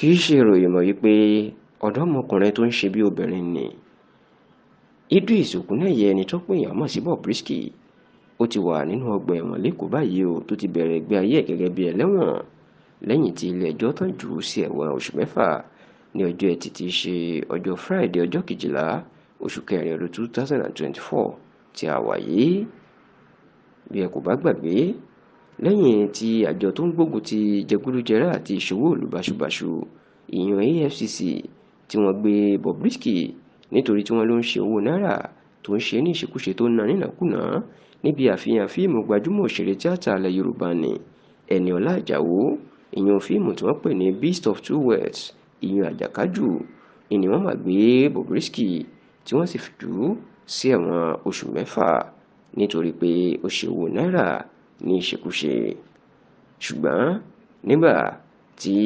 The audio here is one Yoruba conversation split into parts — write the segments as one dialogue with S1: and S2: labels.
S1: kì í ṣe ìròyìn mọ́ wípé ọ̀dọ́mọkùnrin tó ń ṣe bí obìnrin ni Idris Okuneye ẹni tó pè yàn mọ̀ sí Bobrisky ó ti wà nínú ọgbà ẹ̀wọ̀n lẹ́kọ̀ọ́ báyìí o tó ti bẹ̀rẹ̀ ìgbé ayé ẹ̀ gẹ́gẹ́ bí ẹlẹ́wọ̀n lẹ́yìn tí ilé tán jù ú sí ẹ̀wọ̀n oṣù mẹ́fà ní ọjọ́ ẹtì tí ṣe ọjọ́ Friday ọjọ́ kejìlá oṣù kẹrin ọdún two thousand and twenty four tí a bí ẹ kò bá gbàgbé lẹ́yìn tí àjọ tó ń gbógun ti jẹgúdújẹrá àti ìṣòwò ìlú báṣubàṣu ìyàn AFCC tí wọ́n gbé Bob Risky nítorí tí wọ́n ló ń ṣe owó náírà tó ń ṣe ní ìṣekúṣe tó ń na nínàkúnà níbi àfihàn fíìmù gbajúmọ̀ òṣèré tíátà ilẹ̀ Yorùbá ni Ẹniọlá Àjàó ìyàn fíìmù tí wọ́n pè ní Beast of Two Worlds ìyàn àjàkájù ni wọ́n mà gbé Bob Risky tí wọ́n sì fi jù ú sí ẹ̀wọ̀n oṣù mẹ́fà nítorí pé ó ṣe owó náírà ní ìṣekúṣe ṣùgbọ́n nígbà tí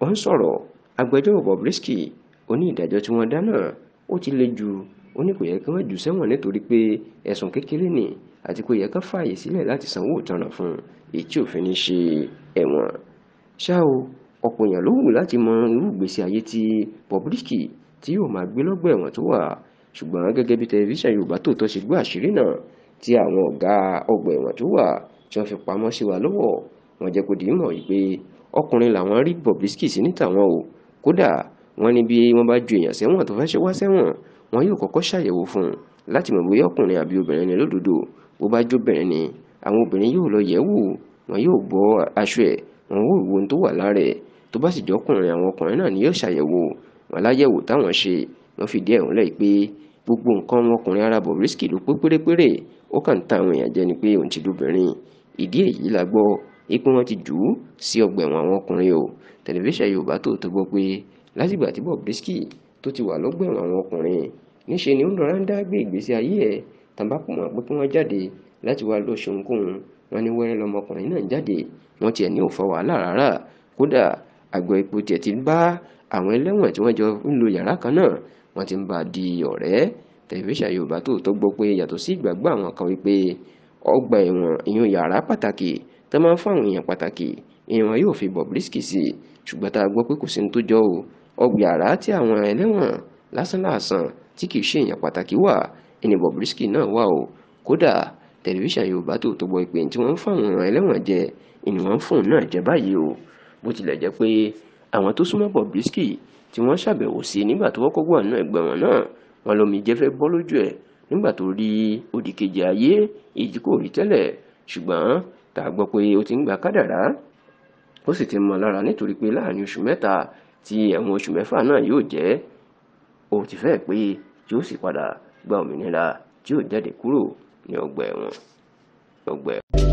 S1: ó ń sọ̀rọ̀ agbẹjọ́rò Bobrisky ó ní ìdájọ́ tí wọ́n dá ó ti le jù ó ní kò yẹ kí wọ́n jù sẹ́wọ̀n nítorí pé ẹ̀sùn kékeré ni àti kò yẹ ká fààyè sílẹ̀ láti sanwó ìtanràn fún un èyí tí òfin ní ṣe ẹ̀wọ̀n ṣá o ọ̀pọ̀ èèyàn ló wù láti mọ irú ìgbésí ayé tí Bobrisky tí yóò máa gbé lọ́gbà ẹ̀wọ̀n tó wà ṣùgbọ́n gẹ́gẹ́ bí tẹlifíṣàn Yorùbá Tòótọ́ ṣe gbọ́ àṣírí náà tí àwọn ọ̀gá ọgbà ẹ̀wọ̀n tó wà tí wọ́n fi pamọ́ sí wa lọ́wọ́ wọn jẹ́ kó dìímọ̀ wípé ọkùnrin làwọn rí Bobrisky sí níta wọn o kódà wọn ní bí wọ́n bá ju èèyàn sẹ́wọ̀n tó fẹ́ ṣe wá sẹ́wọ̀n wọn yóò kọ́kọ́ ṣàyẹ̀wò fún un láti mọ̀ bóyá ọkùnrin àbí obìnrin ni lódodo bó bá jóbìnrin ni àwọn obìnrin yóò lọ yẹ̀ wò wọn yóò bọ́ aṣọ ẹ̀ wọn yóò wo ohun tó wà lára tó bá sì jọkùnrin àwọn ọkùnrin náà ni yóò ṣàyẹ̀wò wọn láyẹ̀wò táwọn ṣe wọn fìdí ẹ̀ hàn lẹ́yìn pé gbogbo nǹkan ọmọkùnrin ara Bobrisky ló pé pérépéré ó kàn ń ta àwọn èèyàn jẹ ni pé òun ti lóbìnrin ìdí èyí la gbọ́ pé wọ́n ti jù ú sí ọgbà ẹ̀wọ̀n àwọn ọkùnrin o tẹlifíṣàn Yorùbá Tòótọ́ gbọ́ pé látìgbà tí Bobrisky tó ti wà lọ́gbà ẹ̀wọ̀n àwọn ọkùnrin níṣe ni ó ń lọ́ra ń dá gbé ìgbésí ayé ẹ̀ tàbá pọ̀ mọ́ pé kí wọ́n jáde láti wá lọ ṣeun kóun wọn ni wẹ́rẹ́ lọmọkùnrin náà jáde wọn tiẹ̀ ní òfa wàhálà rárá kódà àgbọ̀ epo tiẹ̀ ti bá àwọn ẹlẹ́wọ̀n tí wọ́n jọ ń lo yàrá kan náà wọ́n ti ń bá a di ọ̀rẹ́ tẹlifíṣàn yorùbá tòótọ́ gbọ́ pé yàtọ̀ sí ìgbàgbọ́ àwọn kan wípé ọgbà ẹ̀wọ̀n ìyún yàrá pàtàkì tó máa ń fáwọn èèyàn pàtàkì ìwọ̀n yóò fi Bobrisky sí ṣùgbọ́n tá a gbọ́ pé kò sí ní tó jọ o ọgbà yàrá tí àwọn ẹlẹ́wọ̀n lásánlàsàn tí kì í ṣe èèyàn pàtàkì wà ẹni Bobrisky náà wà o kódà tẹlifíṣàn yorùbá tòótọ́ gbọ́ pé tí wọ́n ń fáwọn ẹlẹ́wọ̀n jẹ ìnìwọ̀n fóun náà jẹ báyìí o bó tilẹ̀ jẹ́ pé àwọn tó súnmọ́ Bobrisky tí wọ́n ṣàbẹ̀wò sí nígbà tó wọ́kọ́ wà nínú ẹ̀gbọ́n wọn náà wọn lómi jẹ́fẹ́ bọ́ lójú ẹ̀ nígbà tó rí òdìkejì ayé èyí kò rí tẹ́lẹ̀ ṣùgbọ́n tá a gbọ́ pé ó ti ń gba kádàrá ó sì ti mọ̀ lára nítorí pé láàrin oṣù mẹ́ta tí ẹ̀wọ̀n oṣù mẹ́fà náà yóò jẹ́ ó ti fẹ́ pé yóò sì padà gba òmìnira tí yóò jáde kúrò ní ọgbà ẹ̀wọ̀n ọgbà ẹ̀wọ̀n.